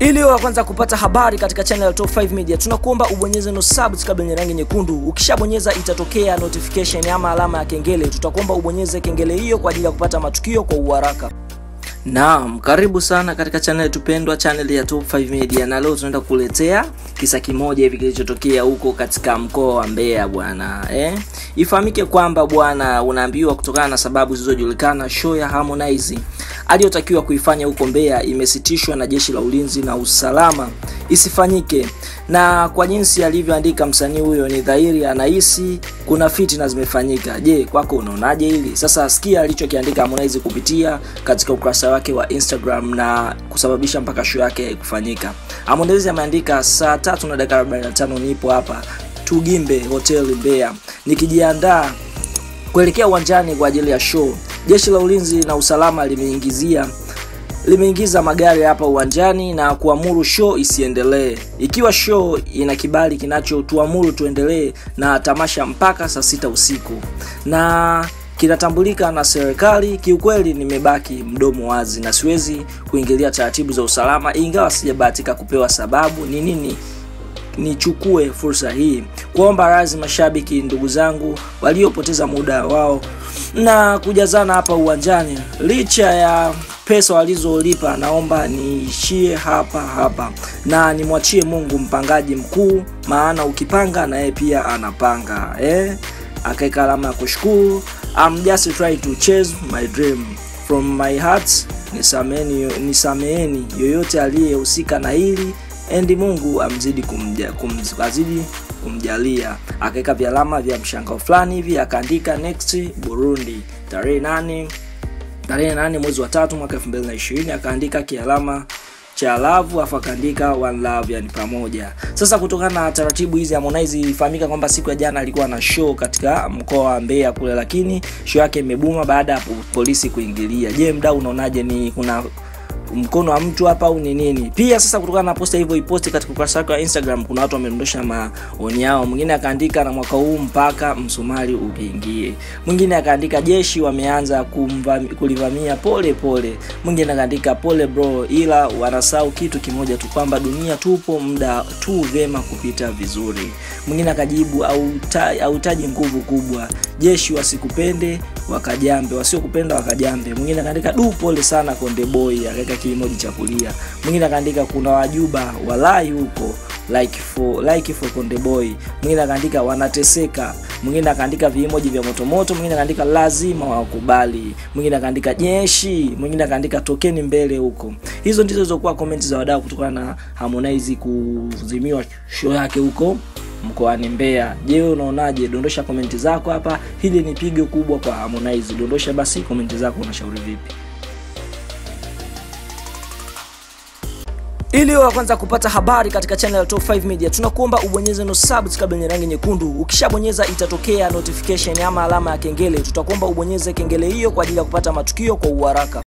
Ili wa kwanza kupata habari katika channel ya Top 5 Media, tunakuomba ubonyeze no subscribe yenye rangi nyekundu. Ukishabonyeza itatokea notification ama alama ya kengele. Tutakuomba ubonyeze kengele hiyo kwa ajili ya kupata matukio kwa uharaka. Naam, karibu sana katika channel tupendwa, channel ya Top 5 Media, na leo tunaenda kuletea kisa kimoja hivi kilichotokea huko katika mkoa wa Mbeya bwana eh? Ifahamike kwamba bwana, unaambiwa kutokana na sababu zilizojulikana, show ya Harmonize aliyotakiwa kuifanya huko Mbeya imesitishwa na jeshi la ulinzi na usalama isifanyike, na kwa jinsi alivyoandika msanii huyo, ni dhahiri anahisi kuna fitina zimefanyika. Je, kwako unaonaje hili? Sasa sikia alichokiandika Harmonize kupitia katika ukurasa wake wa Instagram na kusababisha mpaka show yake kufanyika. Harmonize ameandika sat tatu na dakika 45 nipo hapa Tugimbe Hotel Mbeya nikijiandaa kuelekea uwanjani kwa ajili ya show. Jeshi la Ulinzi na Usalama limeingizia limeingiza magari hapa uwanjani na kuamuru show isiendelee. Ikiwa show ina kibali kinachotuamuru tuendelee na tamasha mpaka saa sita usiku na kinatambulika na serikali. Kiukweli nimebaki mdomo wazi na siwezi kuingilia taratibu za usalama, ingawa sijabahatika kupewa sababu ni nini nichukue fursa hii kuomba razi mashabiki, ndugu zangu waliopoteza muda wao na kujazana hapa uwanjani licha ya pesa walizolipa. Naomba niishie hapa hapa na nimwachie Mungu mpangaji mkuu, maana ukipanga na yeye pia anapanga eh? Akaeka alama ya kushukuru. I'm just trying to chase my dream from my heart. nisameheni yoyote aliyehusika na hili endi Mungu amzidi kumja, kumz, azidi kumjalia, akaweka vyalama vya mshangao fulani hivi, akaandika next Burundi tarehe nane tarehe nane mwezi wa tatu mwaka 2020 akaandika kialama cha love afu akaandika one love yani pamoja sasa kutokana na taratibu hizi harmonize ilifahamika kwamba siku ya jana alikuwa na show katika mkoa wa mbeya kule lakini show yake imebuma baada ya polisi kuingilia je mdau unaonaje ni kuna mkono wa mtu hapa au ni nini. Pia sasa, kutokana na posta hivyo iposti katika ukurasa wake wa Instagram, kuna watu wamedondosha maoni yao. Mwingine akaandika, na mwaka huu mpaka msumari ukiingie. Mwingine akaandika, jeshi wameanza kulivamia pole pole. Mwingine akaandika, pole bro, ila wanasahau kitu kimoja tu kwamba dunia tupo muda tu, vema kupita vizuri. Mwingine akajibu, hautaji nguvu kubwa, jeshi wasikupende wakajambe, wasiokupenda wakajambe. Mwingine akaandika, du, pole sana Konde Boy, akaweka akaandika kimoji cha kulia, mwingine akaandika kuna wajuba walai huko like for like for Konde Boy, mwingine akaandika wanateseka, mwingine akaandika vimoji vya motomoto, mwingine akaandika lazima wakubali, mwingine akaandika jeshi, mwingine akaandika tokeni mbele huko. Hizo ndizo zilizokuwa komenti za wadau kutokana na Harmonize kuzimiwa show yake huko mkoani Mbeya. Je, unaonaje? Dondosha komenti zako hapa. Hili ni pigo kubwa kwa Harmonize. Dondosha basi komenti zako, unashauri vipi? Ili wa kwanza kupata habari katika channel ya Top 5 Media, tunakuomba ubonyeze no subscribe yenye rangi nyekundu. Ukishabonyeza itatokea notification ama alama ya kengele. Tutakuomba ubonyeze kengele hiyo kwa ajili ya kupata matukio kwa uharaka.